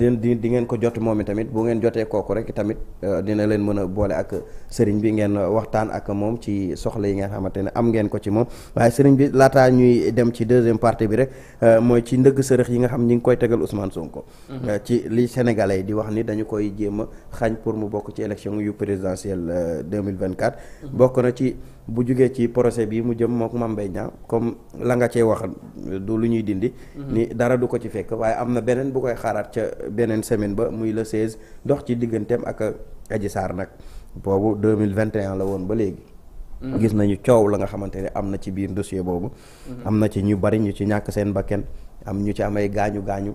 leen di di ko jot moom i tamit bu ngeen jotee kooku rek tamit euh, dina leen mën a boole ak sëriñ bi ngeen waxtaan ak moom ci soxla yi ngeen xamante ne am ngeen ko ci moom waaye sëriñ bi laataa ñuy dem ci deuxième partie bi rek euh, mooy ci ndëgg sërëx yi nga xam ñi ngi koy tegal Ousmane ko mhm. euh, ci li Sénégalais yi di wax ni dañu koy jéem a xañ pour mu bokk ci élection yu présidentielle 2024 mhm. bokk na ci bu jugee ci procès bii mu jëm mook Mame Mbaye Niang comme la nga cee wax du lu ñuy dindi. Mhm. ni dara du ko ci fekk waaye am na beneen bu koy xaaraat ca beneen semaine ba muy le 16 dox ci digganteem ak Adji Sarr nag boobu mille vingt 2021 la woon ba léegi. Mhm. gis nañu coow la nga xamante ne am na ci biir dossier boobu. Mhm. am na ci ñu bari ñu ci ñàkk seen bakken am ñu ci amay gaañu gaañu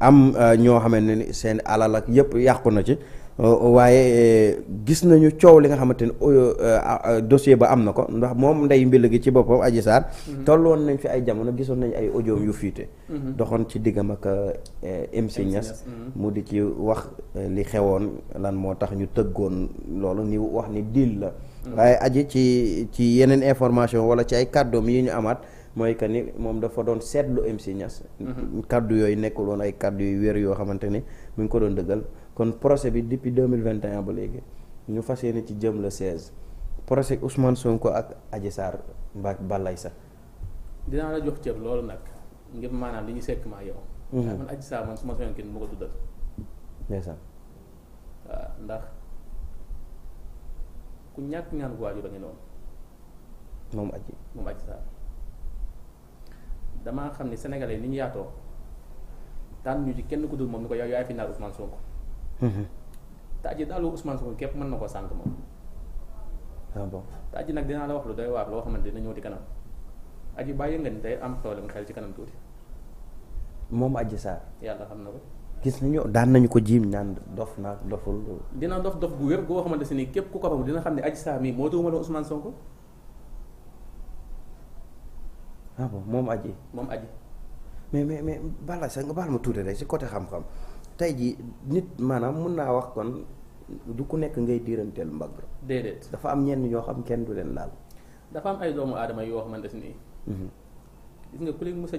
am euh, ñoo xamante ni seen alal ak yëpp yàqu na ci. Euh, waaye euh, gis nañu coow li nga xamante ni euh, dossier ba am na ko ndax moom ndey mbil gi ci boppam Adji Sarr mhm. tolloon nañ fi ay jamono gisoon nañ ay audio yu fiite mhm. doxoon ci diggam ak MC Niass mhm. mu di ci wax li xewoon lan moo tax ñu tëggoon loolu ni wax ni deal la waaye aji ci ci yeneen information wala ci ay kàddoom yi ñu amaat mooy que ni moom dafa doon seetlu MC Niass kàddu yooyu nekkuloon ay kàddu yu wér yoo xamante ni mu ngi ko doon dëggal kon procès bi depuis deux mille vingt et un ba léegi ñu fas yéene ci jëm le seize procès Ousmane Sonko ak aji Sarr ba balay sax. dinaa la jox ceeb loolu nag ngir maanaam li ñu sekk maa yow. Mhm. su ma soxla kenn mu ko tuddal. ndeysaan. waaw ndax ku ñàkk ñaan ko waajur da ngeen woon. moom Adji moom Adji Sarr damaa xam ne sénégalais ni ñu yaatoo daan ñu ci kenn ku dul moom ni ko yow yaay fi naan Ousmane Sonko. Mhm. tàjji daal Ousmane Sonko képp mën na ko sànq moom. ah bon tàjji nag dinaa la wax lu doy waar loo xamante dina ñëw di kanam aji bàyyi nga ni day am problème xel ci kanam tuuti. moom Adji Sarr. yàlla xam na ko. gis nañu daan nañu ko jiim naan dof naa doful. dina dof dof gu wér goo xamante si ni képp ku dina xam ne Adji Sarr mii moo tuumaloo Ousmane Sonko. ah bon moom Adji. moom Adji. mais mais mais Balla nga baal ma tuuti rek si côté xam-xam. tey ji nit maanaam mun naa wax kon du ku nekk ngay diiranteel mbagg. déedéet dafa am ñenn ñoo xam kenn du leen laal. dafa am ay doomu aadama yoo xamante ne nii. Mhm. gis nga ku leen mës a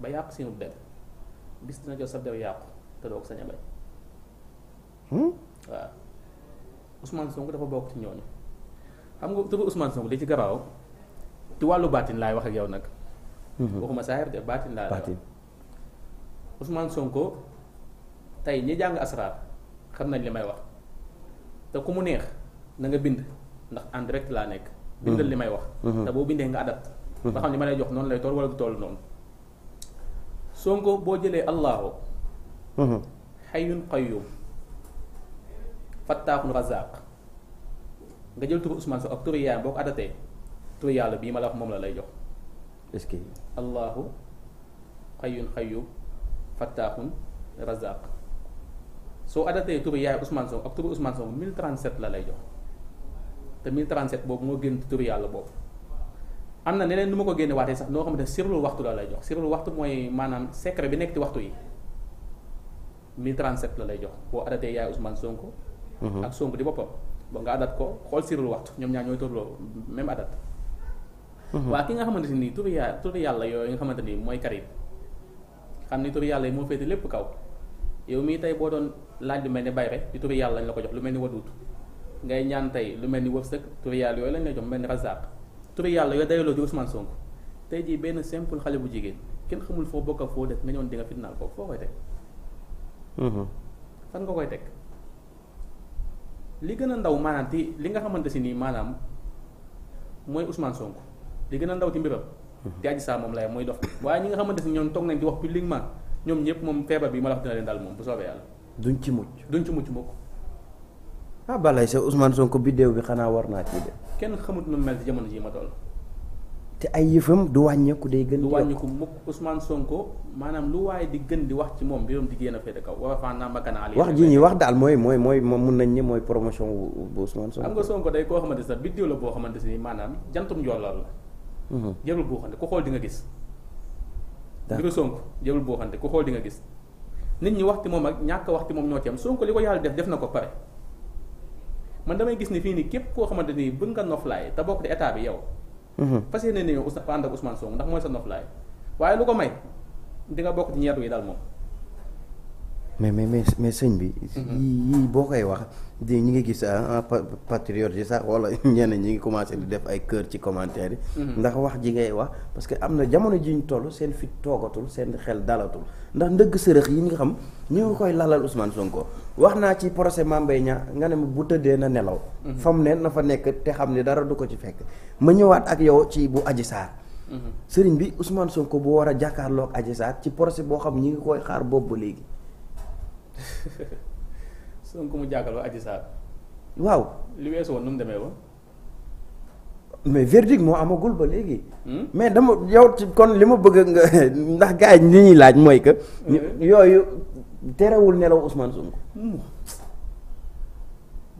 ba yàq seenu der bis dina sa der yàqu te doo ko sañ hmm? dafa bokk ci ñooñu xam nga turu Ousmane Sonko ci garaaw ci wàllu baatin laay wax yow nag. Mhm. waxuma saa de baatin laa la wax Ousmane Sonko. tey ñi jàng asraar xam nañ li may wax te ku mu neex na nga bind ndax en direct laa nekk. bindal mm-hmm. li may wax. Mm-hmm. te boo bindee nga adapté. ba mm-hmm. xam ne ma lay jox noonu lay toll a du toll noonu. Sonko boo jëlee Allahu. xayyun qayyum fattaaxun razaq nga jël turu Ousmane Sow ak turu yaayam boo ko adatee bii ma la wax moom la lay jox. est-ce que. Allahu xayyun qayyum fattaaxun razaq. soo adapté turu yaay Ousmane Sonko ak turu Ousmane Sonko 1037 la lay jox te 1037 boobu moo génn turu yàlla boobu am na neneen nu ma ko génne waatee sax noo xamante ne sirlul waxtu la lay jox sirlul waxtu mooy maanaam secret bi nekk ci waxtu yi 1037 la lay jox boo adatee yaay Ousmane Sonko. Mhm. ak Sonko di boppam ba nga adat ko xool sirlul waxtu ñoom ñaar ñooy tolloo même adat mhm. waa ki nga xamante ni turu yaa turu yàlla yooyu nga xamante ni mooy Karim xam ni turu yàlla moo féete lépp kaw yow mii tey boo doon laaj lu mel ni bayre di turi yàlla lañ la ko jox lu mel ni waduut ngay ñaan tey lu mel ni wërsëg turi yàlla yooyu lañ lay jox mel ni razaq turi yàlla yooyu dayaloo di Ousmane Sonko tey jii benn simple xale bu jigéen kenn xamul foo bokk ak foo def nga ñëwoon di nga fitnaal ko foo koy teg mm-hmm. fan nga koy teg li gën a ndaw maanaam ti li nga xamante si nii maanaam mooy Ousmane Sonko li gën a ndaw ci mbiram. te mm-hmm. Adji Sarr moom mooy dof waaye ñi nga xamante si ñoom toog nañ di wax publiquement ñoom ñëpp moom feebar bi ma la wax dina leen daal moom bu soobee yàlla. duñ ci mucc duñ ci mucc mukk. ah balay sa Ousmane Sonko biddéew bi xanaa war naa ci de. kenn xamut nu mel ci jamono jii ma toll. te ay yëfam du wàññeeku day gën. du wàññeeku mukk Ousmane Sonko maanaam lu waaye di gën di wax ci moom mbirum di génn a féete kaw wala faa naa ma ganaal wax ji ñuy wax daal mooy mooy mooy mun nañ ne mooy promotion bu Ousmane Sonko. am nga Sonko day koo xamante sax biddéew boo xamante ni maanaam jantum njoolal la. Mhm. jarul boo xam ne ku xool di nga gis. mbiru Sonko jëlul boo xante ku xool di nga gis nit ñi waxti moom ak ñàkk waxti moom ñoo ci am Sonko li ko yàlla def def na ko pare man damay gis ni fii nii képp koo xamante ni bëgg nga noflaay te bokk di état bi yow mhm. fas yéene ne yow ànd ak Ousmane Sonko ndax mooy sa noflaay waaye lu ko may di nga bokk ci ñeetu yi daal moom mais mais mais mais sëñ bi. Mhm. yii boo koy wax di ñu ngi gis ah, ah patriote yi sax wala ñenn ñi ngi commencé di def ay kër ci commentaire yi. Mhm. ndax wax ji ngay wax parce que am na jamono ji ñu toll seen fit toogatul seen xel dalatul ndax ndëgg sërëx yi nga xam ñu ngi koy lalal Ousmane Sonko wax naa ci procès Mame Mbaye Niang nga ne ma bu tëddee na nelaw. Mhm. fam ne na fa nekk te xam ne dara du ko ci fekk ma ñëwaat ak yow ci bu aji Sarr. sëriñ bi Ousmane Sonko bu war a jàkkaarloog Adji Sarr ci procès boo xam ñi ngi koy xaar boobu ba léegi. Sonko mu jàkkaarloo Adji Sarr. waaw. li weesu woon nu mu demee woon. mais verdict moo amagul ba léegi. Hmm? mais dama yow kon li ma bëgg nga ndax gars yi li ñuy laaj mooy que. yooyu terewul nelaw Ousmane Sonko. Hmm.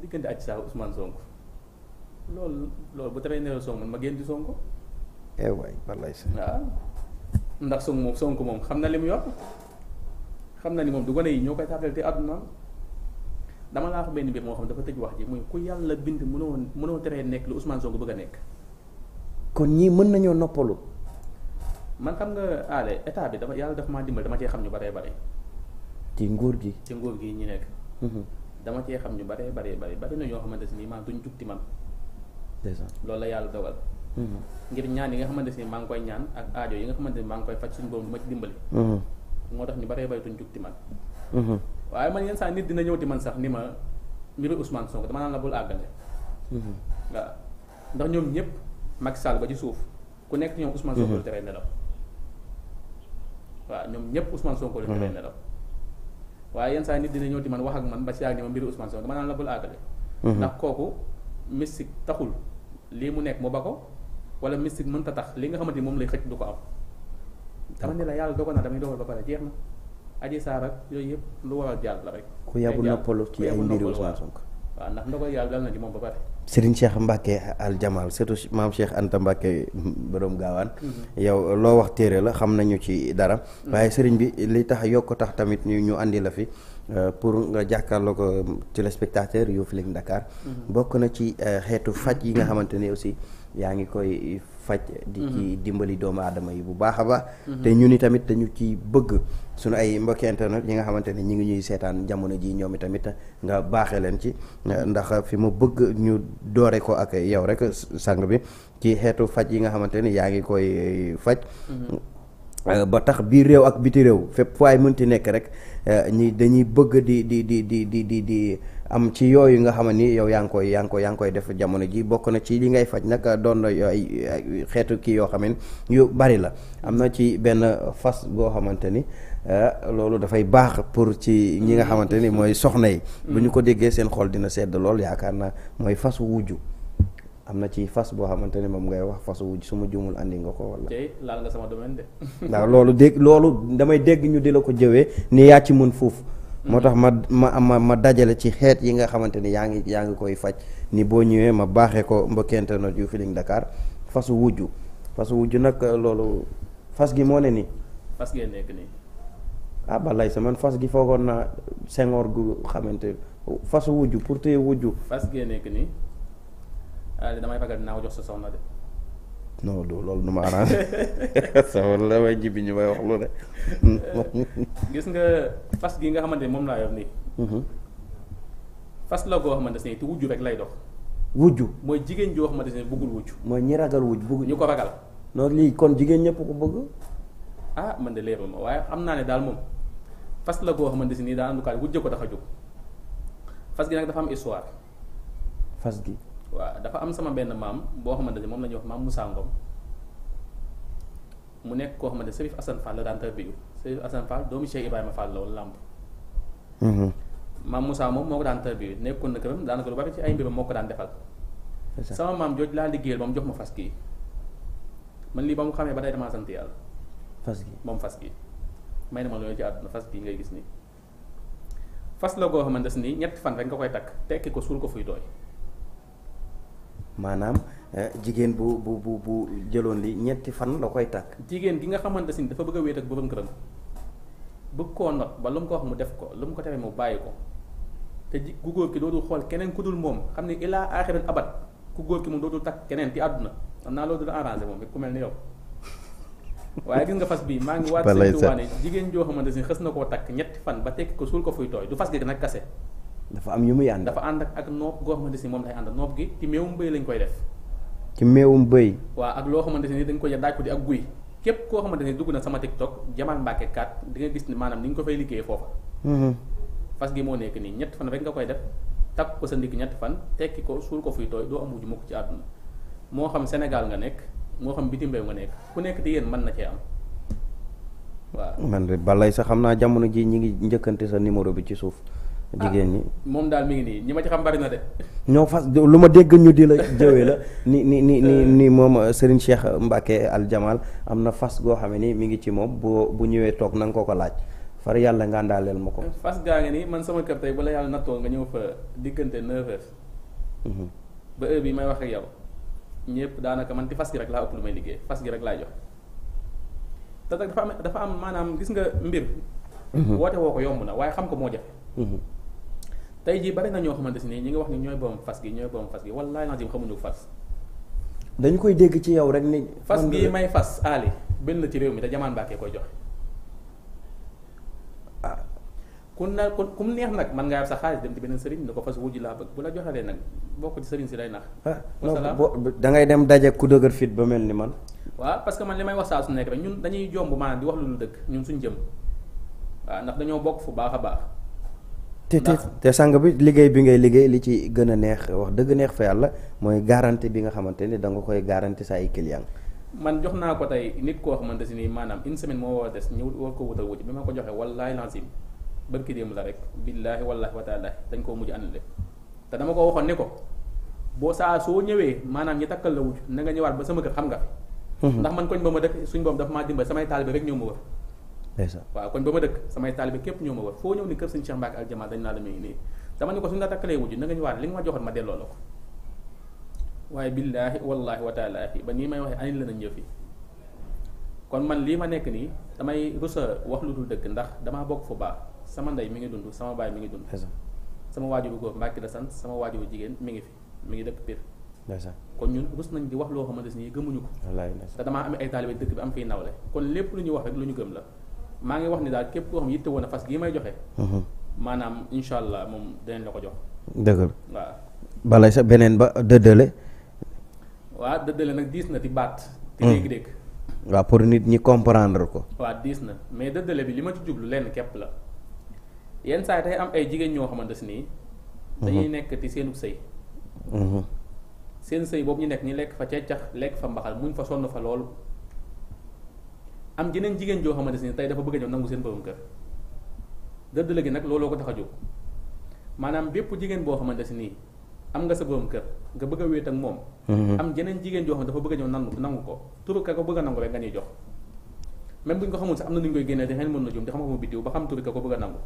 diggante Adji Sarr Ousmane Sonko loolu loolu bu teree nelaw Sonko man ma génn di Sonko. eh waay wallaay. waaw ah. ndax Sonko moom xam na li mu yor. xam na ni moom du gone yi ñoo koy tardel te àdduna dama laa wax benn mbir moo xam dafa tëj wax ji muy ku yàlla bind mënoo mënoo teree nekk lu Ousmane Sonko bëgg a nekk. kon ñii mën nañoo noppalu. man xam nga aale état bi dama yàlla daf maa dimbal dama cee xam ñu baree bare. ci nguur gi ci nguur gi ñu nekk. Mhm. dama cee xam ñu bare baree bare bari na ñoo xamante ne maa duñ jugti man. loolu la yàlla dogal. Mhm. ngir ñaan yi nga xamante ne maa ngi koy ñaan ak aajo yi nga xamante ne maa ngi koy faj suñu borom du ma ci dimbali. Mhm. moo tax ñu baree bay duñ jug di man mhm. waaye man yenn saa nit dina ñëw di man sax ni ma mbiru Ousmane Sonko dama naan la bul àggale mhm. ndax ñoom ñëpp Macky Sall ba ci ku nekk ñoom Ousmane Sonko mhm. lu teree ñoom ñëpp Ousmane Sonko lu teree nelaw waaye yenn saa di man wax ak man ba si yàgg ni ma mbiru Ousmane Sonko bul àggale ndax kooku mystique taxul lii mu nekk mu ba ko wala mystique mënta tax li nga xamante ni moom lay xëcc du ko am dama ne la yàlla dogal na damay dogal ba pare jeex na aji saar yooyu yëpp lu waral jàll la rek. ku yàggu noppalu ci ay mbiri Ousmane sonk waaw ndax ndogal yàlla dal na ci moom ba pare. Serigne Cheikh Mbacke al Jamal surtout maam seex Anta Mbacke borom gaawaan. Mhm. yow loo wax téere la xam nañu ci dara. Mhm. waaye Serigne bi li tax yokk tax tamit ñu ñu andi la fi. Euh, pour nga jàkkaarloo ko téléspectateur yu Feeling Dakar. Mm-hmm. bokk na ci euh, xeetu faj yi nga xamante ne aussi yaa ngi koy faj. di mm-hmm. dimbali doomu aadama yi bu baax a baax. Mm-hmm. te ñun tamit dañu ci bëgg suñu ay mbokki internet yi nga xamante ne ñu ngi ñuy seetaan jamono ji ñoomi tamit nga baaxee leen ci. Euh, ndax fi mu bëgg ñu doore ko ak yow rek sang bi ci xeetu faj yi nga xamante ne yaa ngi koy faj. Euh, ba tax biir réew ak biti réew fépp waaye ay mënti nekk rek euh, ñi dañuy bëgg di di di di di di di am ci yooyu nga xam ni yow yaa ngi koy yaa ngi koy def jamono ji bokk na ci li ngay faj nag doon na ay xeetu kii yoo xam ne yu bari la am na ci benn fas boo xamante ni euh, loolu dafay baax pour ci ñi nga xamante ni mooy soxna yi. bu ñu ko déggee seen xool dina sedd lool yaakaar naa mooy fas wujju xam na ci fas boo xamante ne moom ngay wax fas wu su ma juumul andi nga ko wala. tey laal nga sama domaine de. loolu dégg loolu damay dégg ñu di la ko jëwee ni yaa ci mën foofu. moo tax ma ma ma ma dajale ci xeet yi nga xamante ni yaa ngi yaa ngi koy faj ni boo ñëwee ma baaxe ko mbokki internet yu Feeling Dakar fasu wujju fasu wujju nag euh, loolu fas gi moo ne nii. fas gee nekk nii. ah balay sa man fas gi foogoon naa sengoor gu xamante fasu wujju pour téye wujju. fas gee nekk nii. waaye damay ragal dinaa ko jox sa soxna de. non loolu nu ma arrangé soxna la way jibi ñu may wax lu ne. gis nga fas gi nga xamante ni moom laa yor nii. Mhm. fas la goo xamante ne te wujju rek lay dox. wujju mooy jigéen joo xamante ne bëggul wujju. mooy ñi ragal wujju bëgg ñu ko ragal. non lii kon jigéen ñëpp ko bëgg. ah man de leerul ma waaye am naa ne daal moom fas la goo xamante ne nii daa àndukaay wujje ko dafa jóg fas gi nag dafa am histoire. gi. waaw dafa am sama benn maam boo xamante ne moom la ñuy wax maam Moussa nekk koo xamante ne Serif Assane Fall la daan tarbiyu Serif Assane Fall doomu Cheikh Ibrahima Fall la woon làmb. Mhm. moom moo ko daan tarbiyu nekkoon na këram daanaka lu bari ci ay mbiram moo ko daan defal. sama maam jooj laa liggéeyal ba mu ma fas kii lii ba mu xamee ba tey sant yàlla. fas moom fas gi may na ma ci àdduna fas gi ngay gis nii. fas la goo xamante ne nii ñett fan rek nga koy takk tekki ko suul ko fuy dooy. maanaam eh, jigéen bu bu bu bu jëloon li ñetti fan la koy takk jigéen gi nga xamante si dafa bëgg a wéet ak borom këram bëgg koo not ba lu mu ko wax mu def ko lu mu ko defee mu bàyyi ko te ji ku góor ki dootul xool keneen ku dul moom xam ne ilaa aaxiral abat ku góor ki moom dootul takk keneen ci àdduna xam naa loolu dina arrangé moom ku mel ni yow. waaye gis nga fas bii maa ngi waat seen tuwaane jigéen joo xamante si xës na koo takk ñetti fan ba tekki ko suul ko fuy tooy du fas gi nag dafa am yu muy ànd. dafa ànd ak noob goo xamante ni moom lay ànd noob gi ci meewum bëy lañ koy def. ci meewum bëy. waa ak loo xamante ni dañ koy daaj ko di ak guy. képp koo xamante ni dugg na sama TikTok Jamal Mbacke 4 di nga gis ni maanaam ni ñu ko fay liggéeyee foofu mhm. fas gi moo nekk nii ñett fan rek nga koy def takk ko sa ndig ñett fan tekki ko suul ko fuy tooy doo am wujj ko ci àdduna moo xam Sénégal nga nekk moo xam bitim réew nga nekk ku nekk di yéen mën na cee am waaw. man de balay xam naa jamono jii ñi ngi njëkkante sa numéro bi ci suuf. jigéen ñi ah, moom daal mi ngi nii ñi ma ci xam bari na de. ñoo fas lu ma dégg ñu di la jëwe la ni ni ni ni euh. moom euh, Serigne Cheikh Mbacke Al Jamal am na fas goo xam ne ni mi ngi ci moom boo bu ñëwee toog nanga ko ko laaj far yàlla nga ndaaleel ma ko. fas gaa ngi nii man sama kër tey bala yàlla nattoo nga ñëw fa diggante 9 mhm. ba heure bi may wax ak yow ñëpp daanaka man ci fas gi rek laa ëpp lu may liggéey fas gi rek laay jox te dafa am dafa am maanaam gis nga mbir. Mhm. woote woo ko yomb na waaye xam ko moo jafe. Mhm. tey jii bari na ñoo xamante ne ñi nga wax ni ñooy borom fas gi ñooy borom fas gi wallaahi lazim xamuñu fas. dañu koy dégg ci yow rek ni. fas gi may fas ali benn la ci réew mi te jamaan baakee koy joxe. Ah. ku na ku mu neex nag mën ngaa am sa xaalis dem ci beneen sëriñ ni ko fas wuji laa bëgg bu la joxalee nag bokk ci sëriñ si lay nax ah, da ngay dem daje ku dëgër fit ba mel ni man waaw parce que man li may wax saa su nekk rek ñun dañuy jomb maanaam di wax lu dul dëgg ñun jëm ndax dañoo bokk fu baax a baax te te te sang bi liggéey bi ngay liggéey li ci gën a neex wax dëgg neex fa yàlla mooy garantie bi nga xamante ni da nga koy garantie sa ay client man jox naa ko tey nit koo xamante si nii maanaam une semaine moo war a des ñëw war ko wutal wuti bi ma ko joxee wallaahi lancim barki démb la rek billaahi wallaahi wa dañ koo mujj annulé te dama ko waxoon ne ko boo saa soo ñëwee maanaam ñi takkal la wut na nga ñëwaat ba sama kër xam nga fi ndax man koñ ba ma dëkk suñ boobu dafa maa dimbal samay taalibe rek ñëw ma wër waaw kon ba ma dëkk samay taalibe képp ñoo ma war foo ñëw ni kër sëñ Cheikh Mbacke aljamaa dañ naa la may nii dama ni ko suñu la takkalee wujj na nga ñu ba nii may waxee anit la nañ ñëfi kon man lii ma nekk nii damay rusa wax lu dul dëkk ndax damaa bokk fu baax sama ndey mi ngi dund sama baay mi ngi dund sama waajuru góor Mbacke la sant sama waajuru jigéen mi ngi fi mi ngi dëkk Pire kon ñun rus nañ di wax loo xamante ni gëmuñu ko te damaa amee ay taalibe dëkk bi am fiy nawle kon lépp lu ñu wax rek lu ñu gëm la maa ngi wax ni daal képp koo xam yitte woon a fas gii may joxe. Mhm. maanaam incha allah moom dinañ la ko jox. dëgg la waaw. bala sa beneen ba dëddale. waa dëddale nag diis na di baat. te mhm. dégg-dégg. waaw pour nit ñi comprendre ko. waa diis na mais dëddale bi li ma ci jublu lenn képp la yenn saa yi tey am ay jigéen ñoo xamante si nii. Mhm. dañuy nekk ci seenu sëy. seen sëy boobu ñu nekk ñu lekk fa ceccax lekk fa mbaxal muñ fa sonn fa loolu. am jeneen jigéen joo xamante ne tey dafa bëgg a ñëw nangu seen borom kër dëdd la gi nag looloo ko tax a jóg maanaam bépp jigéen boo xamante si nii am nga sa borom kër nga bëgg a wéet ak moom mm-hmm. am jeneen jigéen joo xam dafa bëgg a ñëw nangu nangu ko turu ka ko a nangu rek nga bu ñu lu ñu koy génnee te xeen mën na jum te xam-xamu a nangu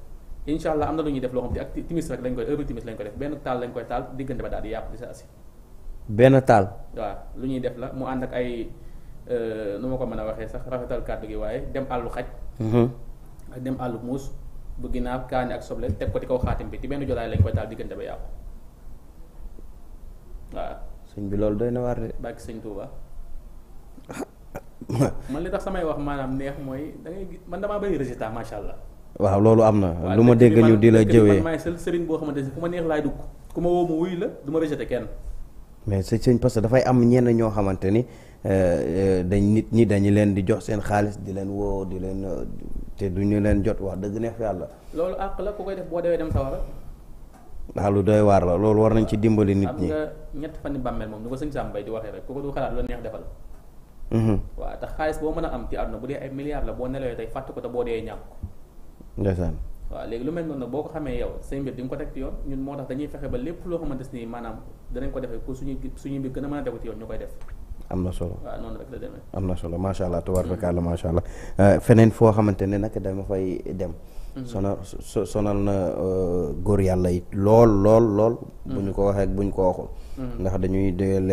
incha allah am na lu ñuy def loo xam te ak timis rek lañ koy heure timis lañ koy def benn taal lañ koy taal diggante ba daal di yàpp di sa asi benn taal waaw lu ñuy def la mu ànd ak ay Euh, nu ma ko mën a waxee sax rafetal kàddu gi waaye dem àllu xaj mhm. dem àllu muus bu ginaar kaani ak soble teg ko ci kaw xaatim bi ci benn jolaay lañ koy taal diggante ba yàqu waaw sëñ bi loolu day na waar de bàkki sëñ Tuuba man li tax samay wax maanaam neex mooy da man damaa bari résultat macha allah. waaw loolu am na lu ma dégg ñu di la jëwee man maay sel sëriñ boo xamante ne ku ma neex laay dugg ku ma woo ma wuy la du ma rejeté kenn mais sëñ parce que dafay am ñenn ñoo xamante ni dañ nit ñi dañu leen di jox seen xaalis di leen woo di leen te du ñu leen jot wax dëgg neex yàlla. loolu àq la ku koy def boo dewee dem sawara. ndax lu doy waar la loolu war nañ ci dimbali nit am ñett fan bàmmeel moom ni ko waxee rek ku ko du xalaat lu neex defal. Mm-hmm. waaw tax xaalis boo mën a am ci àdduna bu dee ay milliards la boo nelawee tey fàtte ko te boo dee ñàkk. ndeysaan. waaw léegi lu mel noonu nag boo ko xamee yow ko teg ci yoon moo tax dañuy fexe ba lépp loo xamante ni maanaam danañ ko defee pour suñuy suñu mbir gën a mën a tegu yoon ñu koy def am na solo waaw noonu am na solo macha allah tubaarkalla macha allah eh, feneen foo xamante ne nag dama fay dem. Mhm. sonal sonal na eh, góor yàlla yi lool lool lool. Mhm. bu ñu ko waxee ak bu ñu ko waxul. Mhm. ndax dañuy